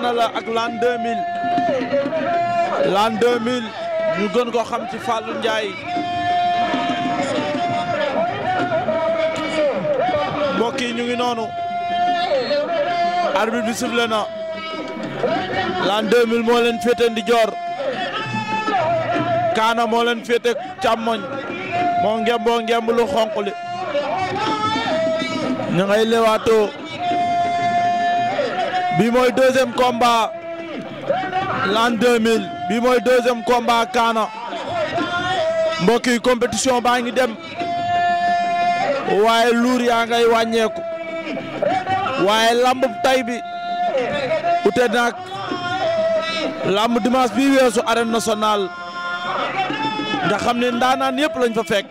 Fofana la ak l'an 2000 l'an 2000 ñu gën ko xam ci Fallou Ndiaye mbokk yi ñu ngi noonu arbitre bi sifflé na l'an 2000 moo leen féete ndijoor Kaana moo leen féete càmmoñ moo ngemboo ngemb lu xonq li ñu ngay lewaatoo bi mooy deuxième combat l'an mil bii mooy deuxième komba Kaana mbokk yi baa ngi dem waaye luur yaa ngay wàññeeku waaye lamb tay bi ute naag lamb dimanche bi weesu arène nationale nga xam ne ndaanaan yëpp lañ fa fekk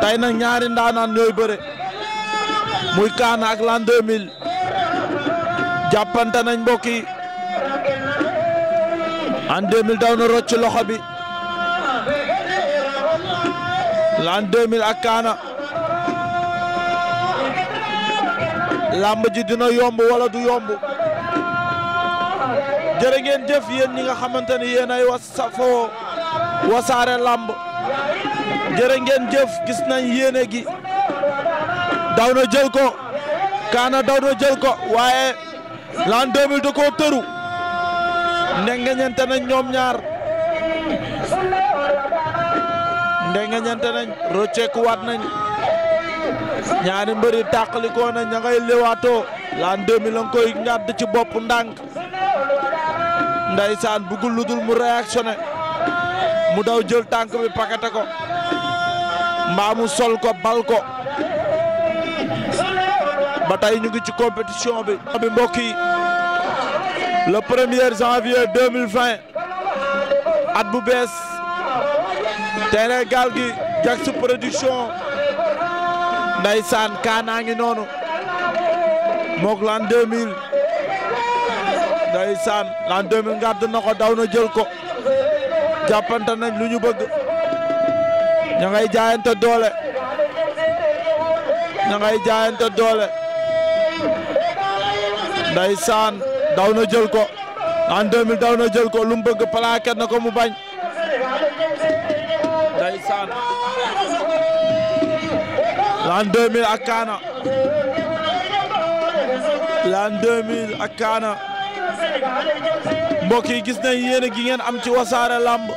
tay na ñaari ndaanaan ñooy bëre muy Kaana ak l'an 2000 jàppante nañ mbokk yi L'an 2000 daw na rocc loxo bi L'an 2000 ak Kaana làmb ji dina yomb wala du yomb jërë ngeen jëf yéen ñi nga xamante ni yéen ay wasafoo wasaare làmb jërë ngeen jëf gis nañ yéene gi daw na jël ko Kaana daw na jël ko waaye l'an 2000 da koo tëru ndengeñante nañ ñoom ñaar ndengeñante nañ rocceeku waat nañ ñaari mbëri tàqalikoo nañ ña ngay lewaatoo l'an 2000 la nga koy ci bopp ndànk ndaysaan bëggul lu dul mu réactionné mu daw jël tànk bi pakete ko mbaa sol ko bal ko ba tey ñu ngi ci compétition bi bi mbokk yi le premier janvier 2020 at bu bees terrain gaal gi Diaks production ndaysaan kaanaa ngi noonu mook l'an 2000 ndaysaan l'an 2000 ngàdd na ko daw na jël ko jàppante nañ lu ñu bëgg ña ngay jaayante doole ña ngay jaayante doole ndeysaan daw na jël ko en 2000 daw na jël ko lu mu bëgg na ko mu bañ ndeysaan l'an 2000 ak Kaana l'an yi gis nañ yéen gi ngeen am ci wasaare lamb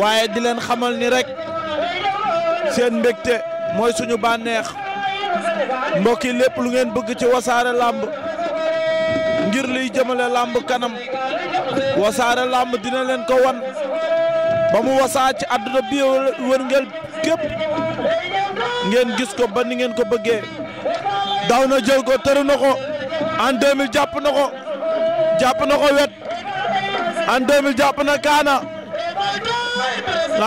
waaye di leen xamal ni rek seen mbégte mooy suñu bànneex mbokk yi lépp lu ngeen bëgg ci wasaare làmb ngir luy jëmale làmb kanam wasaare làmb dina leen ko wan ba mu wasaa ci àdduna bi wërngel képp ngeen gis ko ba ni ngeen ko bëggee daw na jël ko tëru na ko en 2000 jàpp na ko jàpp na ko wet en 2000 jàpp na kaana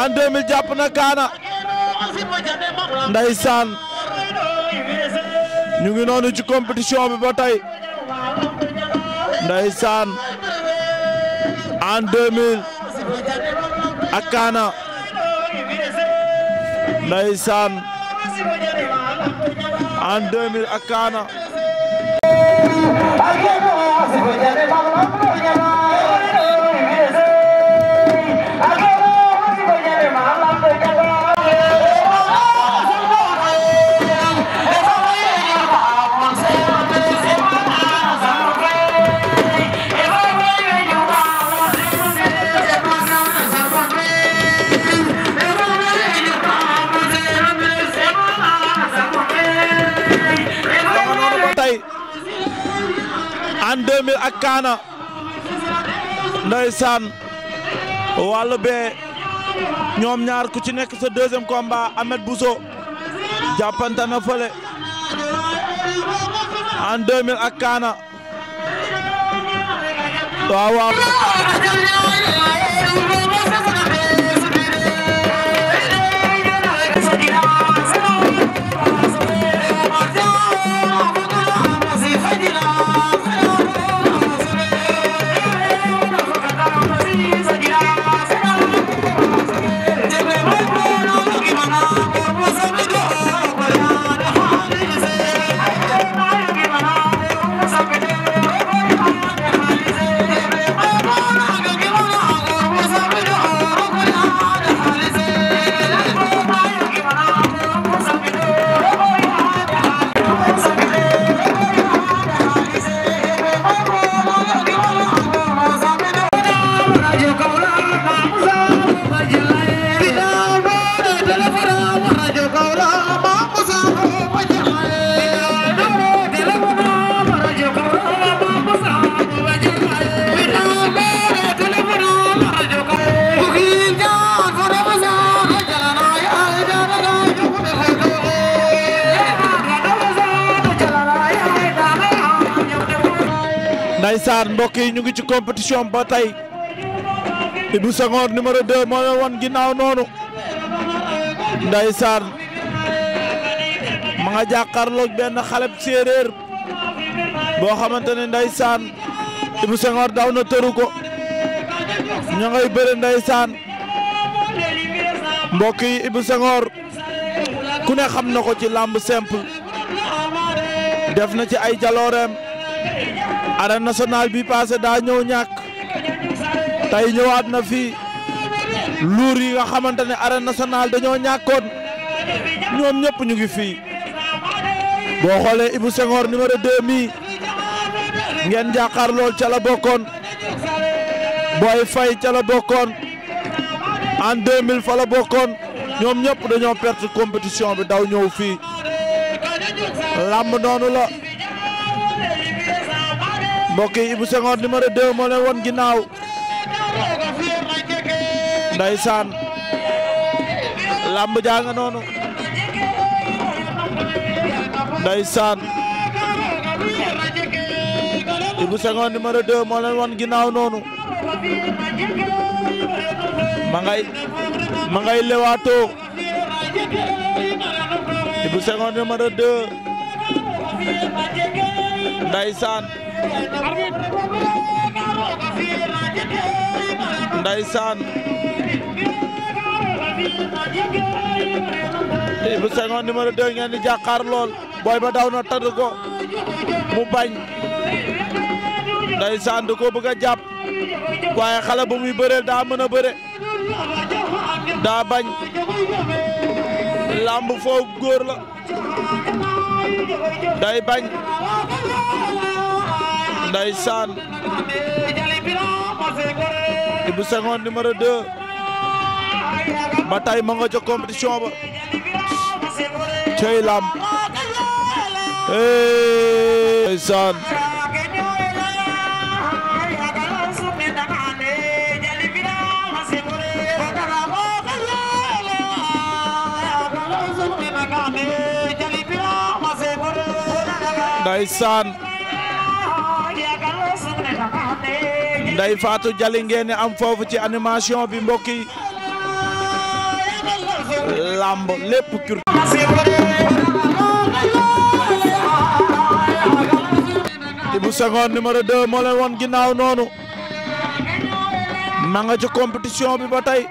en 2000 jàpp na kaana ndeysaan ñu ngi noonu ci compétition bi ba tey ndeysaan en 2000 ak Kaana ndeysaan en 2000 ak Kaana l'an 2000 ak Kaana ndeysaan wàllu bee ñoom ñaar ku ci nekk sa deuxième combat Ahmed Bousso jàppante na fële l'an 2000 ak Kaana waaw mbokk yi ñu ngi ci compétition ba tey Ibou Senghor numéro 2 moo la woon ginnaaw noonu ndeysaan ma nga jàkkaarloog benn xaleb séeréer boo xamante ne ndeysaan Ibou Senghor daw na tëru ko ña ngay bëre ndeysaan mbokk yi Ibou Senghor ku ne xam na ko ci làmb simple def na ci ay jalooreem arène nationale bi passé daa ñëw ñàkk tey ñëwaat na fii luur yi nga xamante ne arène nationale dañoo ñàkkoon ñoom ñëpp ñu ngi fii boo xoolee Ibou Senghor numéro 2 mi ngeen jàkkaar lool ca la bokkoon Boy Faye ca la bokkoon en 2000 fa la bokkoon ñoom ñëpp dañoo perte compétition bi daw ñëw fii làmb noonu la. mbokk yi Ibou Senghor numéro 2 moo leen won ginnaaw ndaysaan lamb jaa nga noonu ndaysaan Ibou Senghor numéro 2 moo leen won ginnaaw noonu ma ngay ma ngay lewaatoo Ibou Senghor numéro 2 Ndeysaan Ndeysaan Ibou Senghor numéro 2 ngeen di jàkkaar lool booy ba daw na tëdd ko mu bañ Ndeysaan du ko bëgg a jàpp waaye xale bu muy daa mën a bëre daa bañ làmb foofu góor la day bañ ndeysaan Ibou Senghor numéro 2 ba ma nga ca compétition ba cey lam ndeysaan nday faatu jali ngeen am foofu ci animation bi mbokk yi lamb lépp culture Ibou Senghor numéro 2 moo leen woon ginnaaw noonu ma nga ci compétition bi ba tey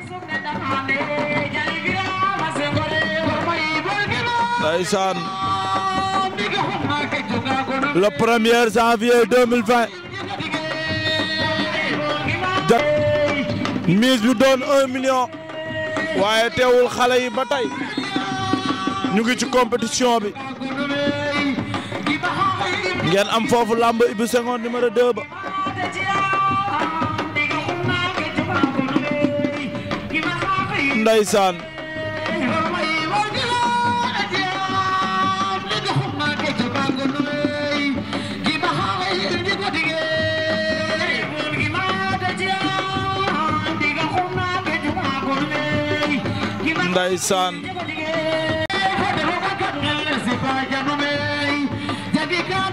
ndeysaan le premier janvier 2020 jot mise bi doon un million waaye teewul xale yi ba tey ñu ngi ci compétition bi ngeen am foofu làmb Ibou Senghor numéro 2 ba ndeysaan ndeysaan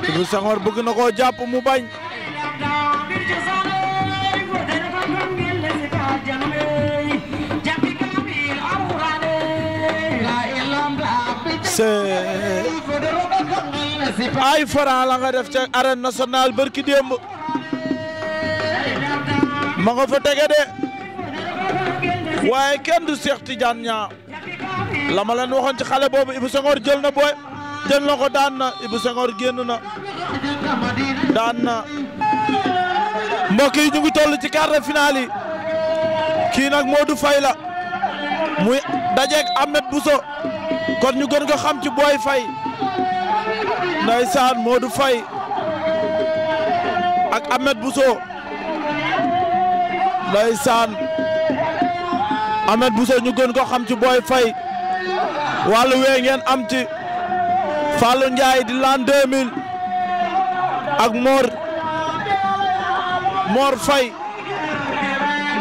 Ibou Senghor bëgg na koo jàpp mu bañ ay Franc def ca arène nationale barki démb ma nga fa waaye kenn du Cheikh Tidiane Niang la ma ci xale boobu Ibou Senghor jël na booy jël na ko daan na Ibou Senghor génn na daan na mbokk ñu ngi toll ci quart de finale yi kii nag Modou Faye la muy dajeeg Ahmed Bousso kon ñu gën ko xam ci Boy Faye ndeysaan du Faye ak Ahmed Bousso ndeysaan Ahmed Bousso ñu gën ko xam ci Boy Faye wàllu wee am ci Fallou Ndiaye di l'an 2000 ak Mor Mor Faye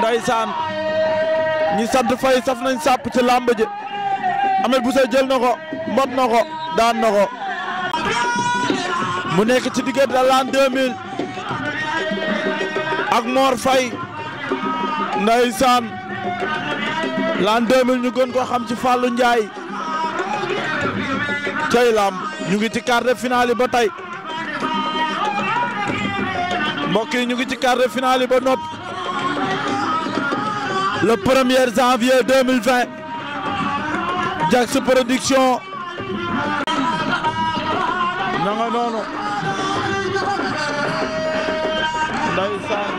ndaysaan ñi sant Faye saf nañ sàpp ci làmb ji Ahmed Bousso jël na ko mbot na ko daan na ko mu nekk ci diggante l'an 2000 ak Mor Faye ndaysaan l'an 2000 ñu gën koo xam ci Fallou Ndiaye cay lamb ñu ngi ci quart de finale ba tey mbokk yi ñu ngi ci quart de finale ba noppi le premier janvier 2020 Diaks Production na nga noonu ndeysaan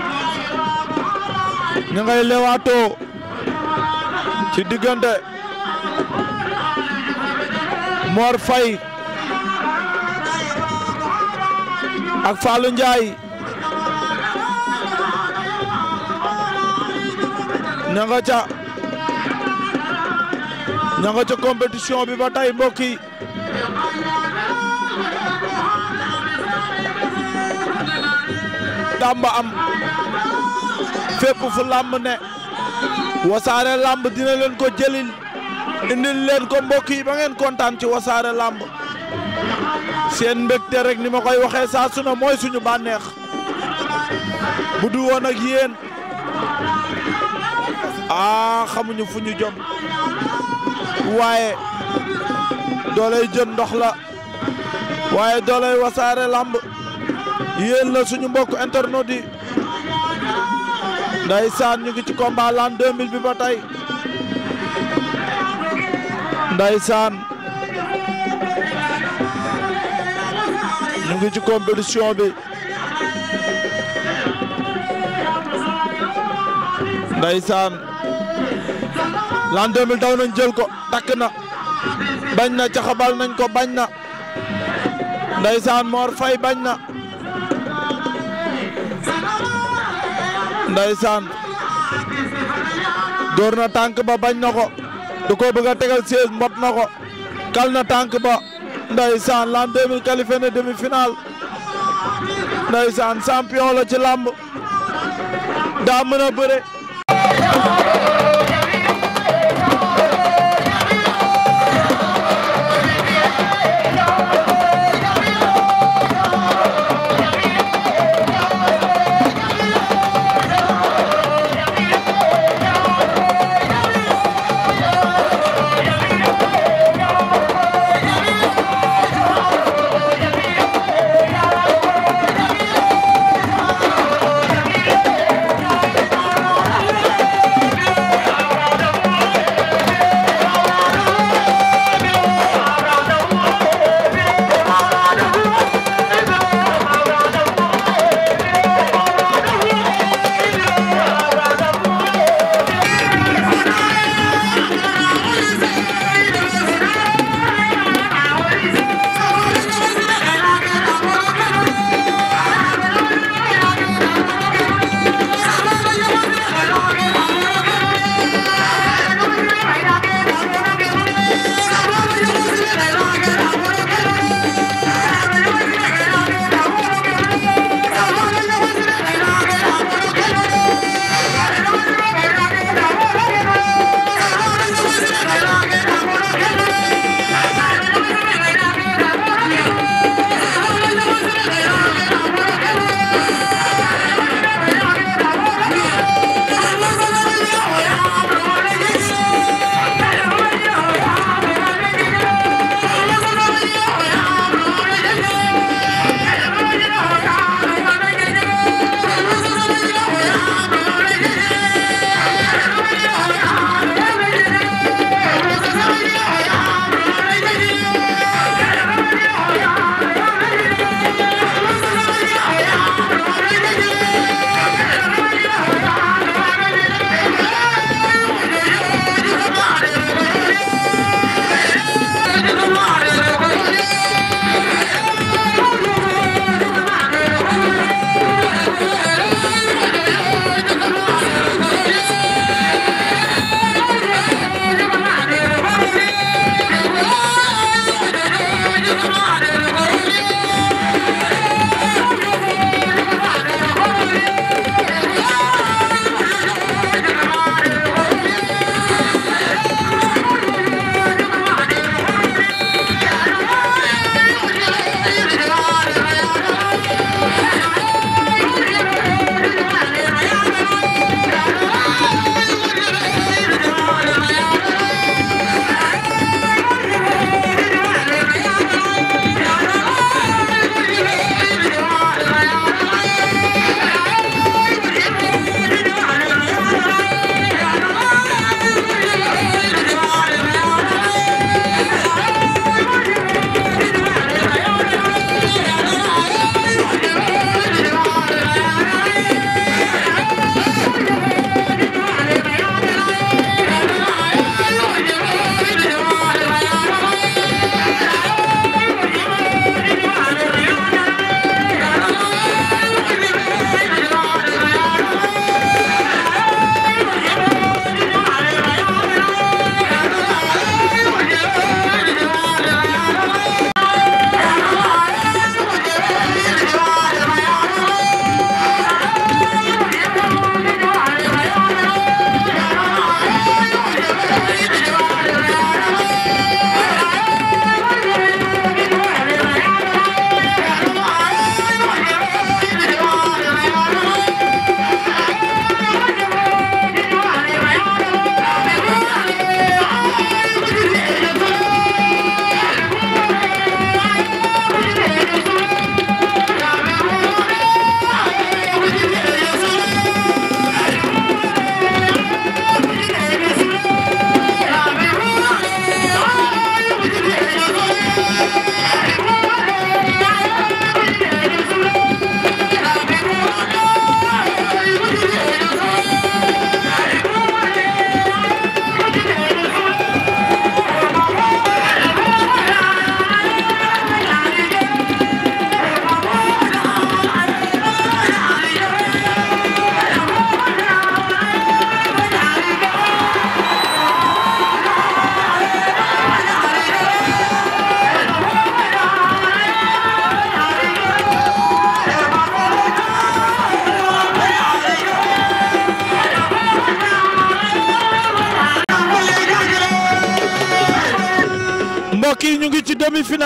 ñu ngay lewaatoo ci diggante Mor Faye ak Fallou Ndiaye ña nga ca ña bi ba tey mbokk yi am fépp fu làmb ne wasaare làmb dina leen ko jëlil indil leen ko mbokk yi ba ngeen kontaan ci wasaare lamb seen mbégte rek ni ma koy waxee saa su mooy suñu bànneex bu du woon ak yéen ah xamuñu fu ñu jëm waaye doolay jën ndox la waaye doolay wasaare làmb yéen la suñu mbokk internet yi ndeysaan ñu ngi ci combat l'an 2000 bi ba tey ndeysaan ñu ngi ci compétition bi ndeysaan l'an 2000 daw nañ jël ko takk na bañ na caxabal nañ ko bañ na ndeysaan Mor Faye bañ na ndeysaan door na tànk ba bañ na ko da ko bëgg a tegal siège mbot na ko na tànk ba ndeysaan l'an 2000 qualifié na demi-finale ndeysaan champion la ci làmb daa mën bëre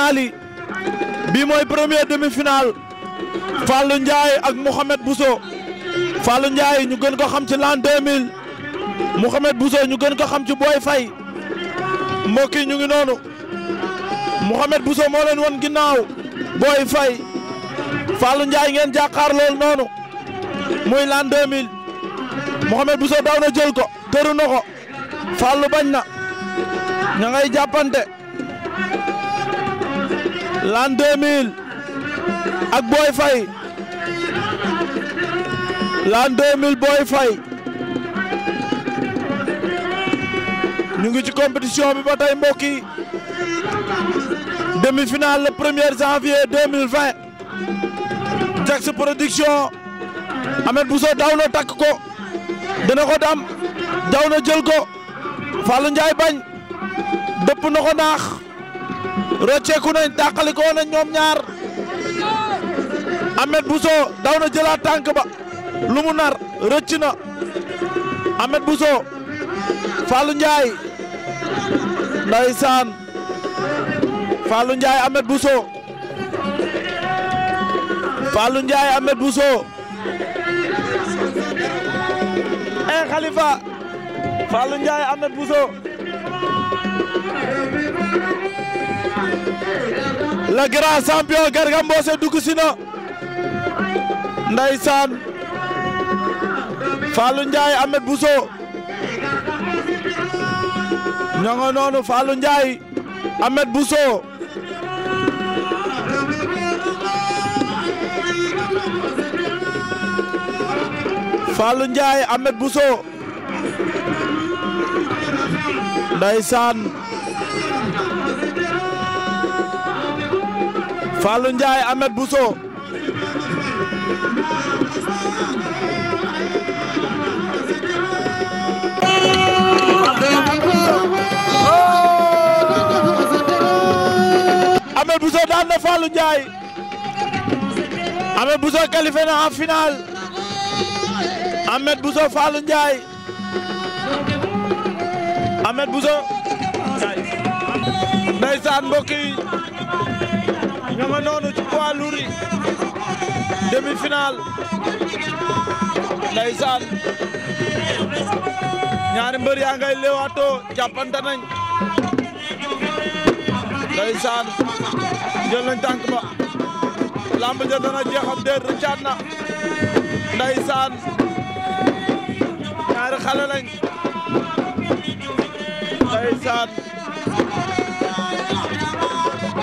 finale bii mooy première demi-finale Fallou Ndiaye ak Mouhamed Bousso Fallou Ndiaye ñu gën ko xam ci l'an 2000 Mouhamed ñu gën ko xam ci Boy fay mbokk yi ñu ngi noonu Mouhamed Bousso moo leen won ginnaaw Boy Faye Fallou Ndiaye ngeen jàkkaar lool noonu muy l'an 2000 Mouhamed daw na jël ko tëru na ko Fallou bañ na ña ngay jàppante l'an 2000 ak Boy Faye l'an 2000 Boy Faye ñu ngi ci compétition bi ba tey mbokk yi demi-finale le premier janvier 2020 Jax Production Ahmed Bousso daw na takk ko dina ko dam daw na jël ko Fallou Ndiaye bañ dëpp na ko naax rocceeku nañ tàqalikoo ñoom ñaar Ahmed Bousso daw na jëlaat tànk ba lu nar rëcc na Ahmed Bousso Fallou Ndiaye ndeysaan Fallou Ndiaye Ahmed Bousso Fallou bu Ahmed Bousso eh Khalifa Fallou Ndiaye Ahmed Bousso le grand champion Garga Mbossé dugg si na ndeysaan Fallou Ndiaye Ahmed Bousso ñoo nga noonu Fallou Ndiaye Ahmed Bousso Fallou Ndiaye Fallou Ndiaye Ahmed Bousso oh! Ahmed Bousso daan na Fallou Ndiaye Ahmed Bousso qualifié na en finale Ahmed Bousso Fallou Ndiaye Ahmed Bousso ndeysaan ña nga ci poids lourd yi demi-finale ndeysaan ñaari mbër yaa ngay leewaatoo jàppante nañ ndeysaan jël nañ tànk ba lamb ja dana jeexam déet rëccaat na ndeysaan ñaari xale lañ ndeysaan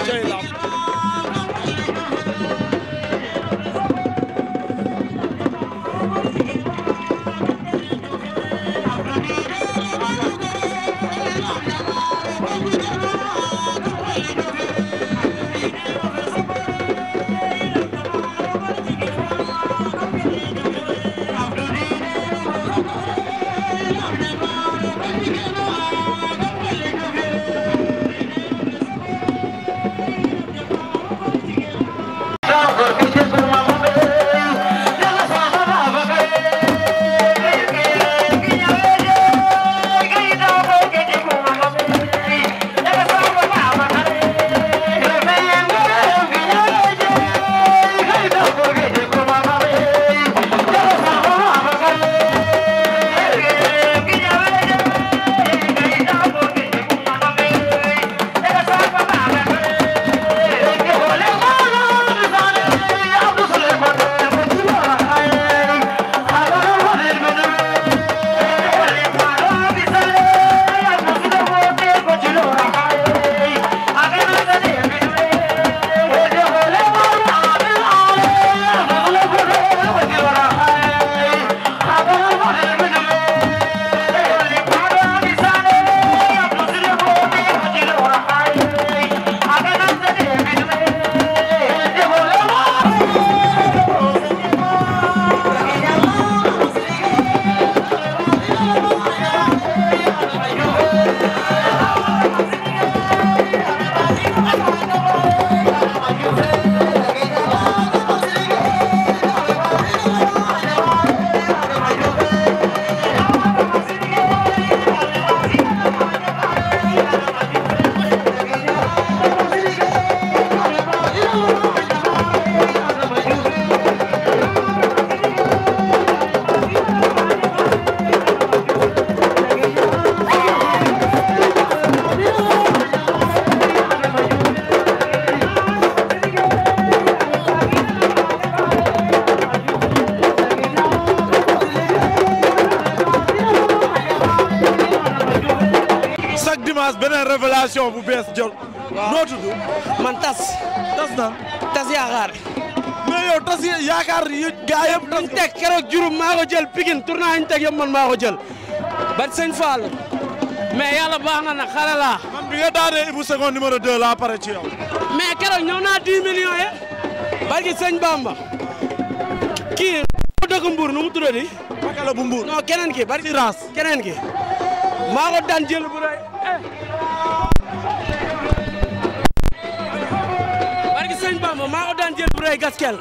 cey lamb bees beneen révélation bu bees jël. waaw noo tudd. man tas. tas na tas yaakaar. mais yow tas yaakaar yi gaa yëpp. tas teg keroog juróom jël Pikine tournoi yi ñu man maa jël. ban sëñ Fall. mais yàlla baax na nag xale laa. man bi nga daanee Ibou Segon numéro 2 laa pare ci yow. mais keroog ñëw naa 10 millions ye. barki sëñ Bamba. kii bu dëkk nu mu tuddati. Bakala bu Mbour non keneen ki barki raas jël bu ko maa ko daan bu rëy gaskel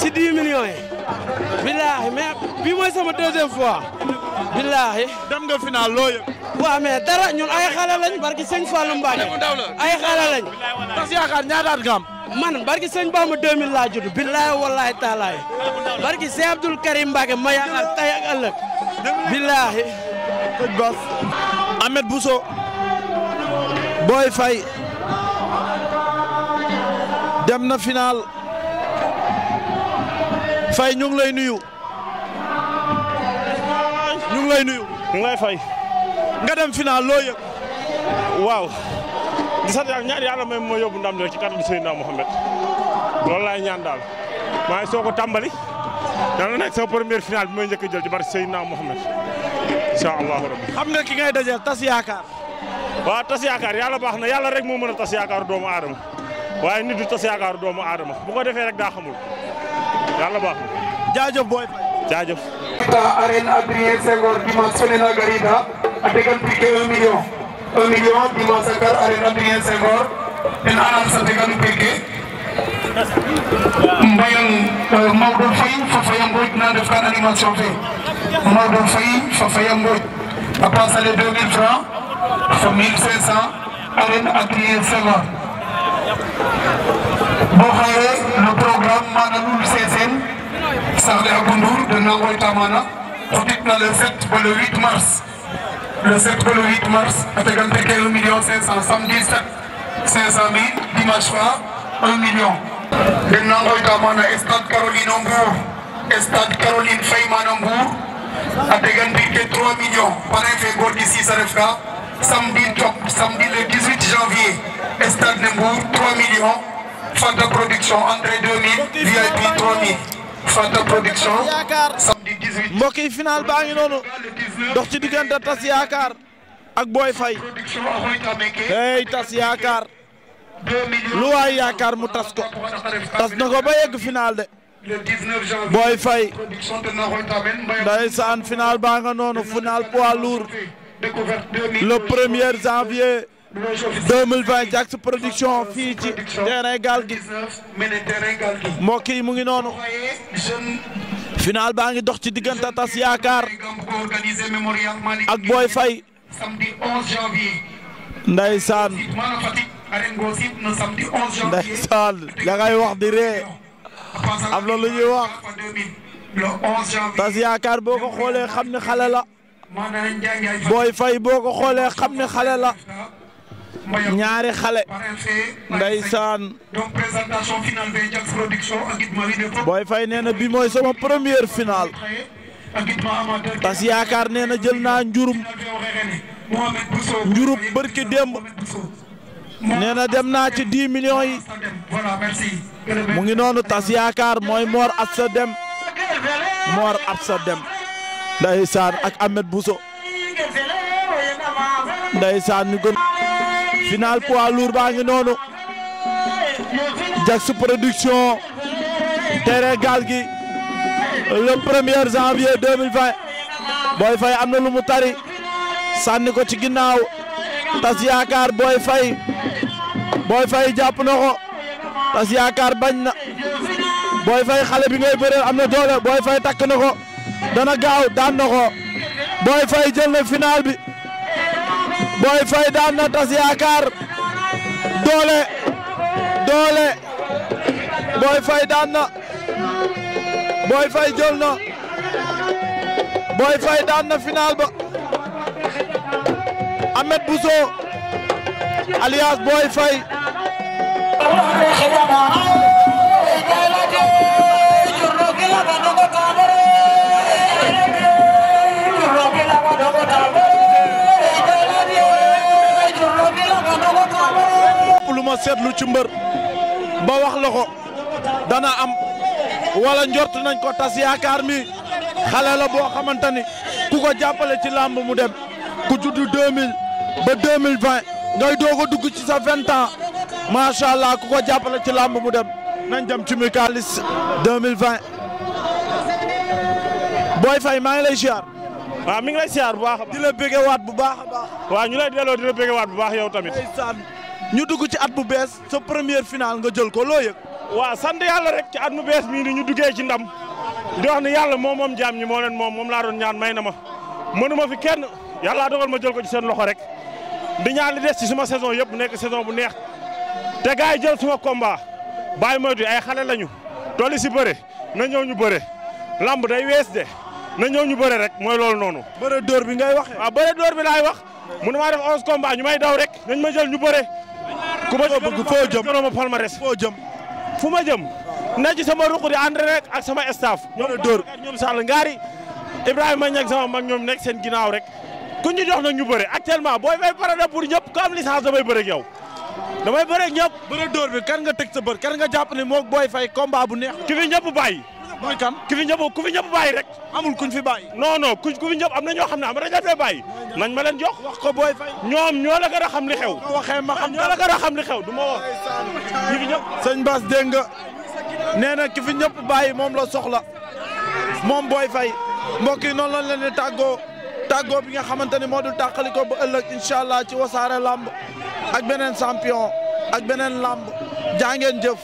si 10 yi. billahi mais bi mooy sama deuxième fois. billahi dem nga final loo yëg. waaw mais dara ñun ay xale lañ barki sëñ Fallou Mbacke ay xale lañ. parce que yaakaar ñaata at nga am. man barki sëñ Bamba 2000 laa judd billahi wallahi taalaay barki sëñ Abdoul Karim Mbacke ma yaakaar tay ak ëllëg. billahi. Ahmed Bousso. Boy Faye. dem na final Faye ñoo ngi lay nuyu. ñu ngi lay nuyu. ñu fay. nga dem final loo yëg. waaw. di sant yàlla ñaar yàlla may ma yóbbu ndam rek ci kàddu Seydina Mohamed loolu laay ñaan daal maa ngi soo ko tàmbali dana nekk sa première finale bi may njëkk a jël ci bari Seydina Mohamed incha allahu rabbi. xam nga ki ngay dajeel tas yaakaar. waaw tas yaakaar yàlla baax na yàlla rek moo mën a tas yaakaar doomu aadama. waaye nit du tas yaakaaru doomu aadama bu ko defee rek daa xamul booy jaajëf ta arène Adrien Senghor dimanche Soninna Garida a tegan piqué un million un million dimanche encore arène Adrien Senghor ten anam sa tegan piqué mbayang euh, Maodo Faye fa Faye Mbodj na ndef kan animation fe Maodo fa Faye Mbodj a passer les fa mille cinq cents arène Adrien Senghor boo xoolee le programme maanaam lu seeseen Sarle ak Goundour de Nangoy Tamana xutit na le 7 ba le 8 mars le 7 ba le 8 mars a tegante ke 1 samedi 7 500 mille dimanche soir 1 million de Nangoy Tamana stade Caroline Mbour stade Caroline Faye maanaam Mbour a tegante ke 3 millions parrain fe góor gi si samedi toog samedi le 18 janvier stade millions Fanta production entrée 2000 VIP 3000 production samedi 18. mbokk yi baa ngi noonu dox ci diggante tas yaakaar ak Boy Faye hey tas yaakaar lu waay mu tas ko tas na ko yegg final de. Boy Faye ndeysaan final baa nga noonu final poids lourd le premier janvier 2020 Diaks production fii ci terrain gaal gi mbokk yi mu ngi noonu final baa ngi dox ci diggante tas yaakaar ak Boy Faye ndeysaan ndeysaan la ngay wax di ree am na wax tas yaakaar boo xoolee xam ne xale booy fay boo ko xoolee xam ne xale la ñaari xale ndeysaan booy fay nee na bi mooy sama première finale tas yaakaar nee na jël naa njurum njurub bërki démb dem naa ci dix million yi mu ngi noonu tas yaakaar mooy Mor Absa Deme Mor Absa Deme ndeysaan ak Ahmed Bousso ndeysaan ñu gën final poids lourd baa ngi noonu Diaks production terrain gaal gi le premier janvier 2020 Boy am na lu mu tari sànni ko ci ginnaaw tas yaakaar Boy Faye Boy Faye jàpp na ko tas yaakaar bañ na Boy Faye xale bi ngay bëreel am na doole Boy Faye takk na ko dana gaaw daan na ko Boy Faye na final bi Boy Faye daan na tas yaakaar doole doole Boy Faye daan na Boy Faye jël na Boy Faye daan na final ba Ahmed Bousso alias Boy Faye ba wax la ko dana am wala njort nañ ko tas yaakaar mi xale la boo xamante ni ku ko jàppale ci làmb mu dem ku juddu 2000 ba 2020 ngay doog a dugg ci sa 20 ans macha allah ku ko jàppale ci làmb mu dem nañ dem ci Michaelis 2020. Boy Faye maa ngi lay siyaar. waaw mi ngi lay siyaar bu baax a baax. di la bëggewaat bu baax a waaw ñu lay delloo di bu baax yow tamit. ñu dugg ci at bu bees sa première finale nga jël ko loo yëg. waaw sant yàlla rek ci at mu bees mii ni ñu duggee ci ndam di wax ne yàlla moom moom jaam ñi moo leen moom moom laa doon ñaan may na ma mënuma fi kenn yàlla dogal ma jël ko ci seen loxo rek di ñaan li des ci suma saison yëpp nekk saison bu neex te gaa yi jël suma combat bàyyi di ay xale lañu tolli si bëre na ñëw ñu bëre lamb day wees de na ñëw ñu bëre rek mooy loolu noonu. bëre dóor bi ngay waxee. waaw bëre bi laay wax mënuma def 11 ñu may daw rek nañ ma jël ñu bëre. ku ma bëgg foo jëm gënoon ma palmarès foo jëm fu ma jëm na ci sama ruq di entraîné ak sama staff ñoom dóor ñoom Sall ngaari Ibrahima Niang sama mag ñoom nekk seen ginnaaw rek ku ñu na nag ñu bëre actuellement booy fay pare na pour ñëpp ku am licence damay bëre ak yow damay bëre nga teg sa bër kan nga jàpp ne moo booy fay combat bu neex ki fi ñëpp mooy kan ku fi ñëpp ku fi ñëpp rek. amul kuñ fi bàyyi. non non ku fi ñëpp am na ñoo xam ne am na dañoo bàyyi. nañ ma leen jox wax ko booy fay. ñoom ñoo la a xam li xew. waxee ma xam ñoo la gën a xam li xew du ma wax. ñu fi ñëpp. sëñ Bass na ki ñëpp bàyyi moom la soxla moom booy fay mbokki yi noonu lañ leen tàggoo tàggoo bi nga xamante ni moo dul tàqali ko ba ëllëg incha allah ci wasaare lamb ak beneen champion ak beneen lamb jaa jëf.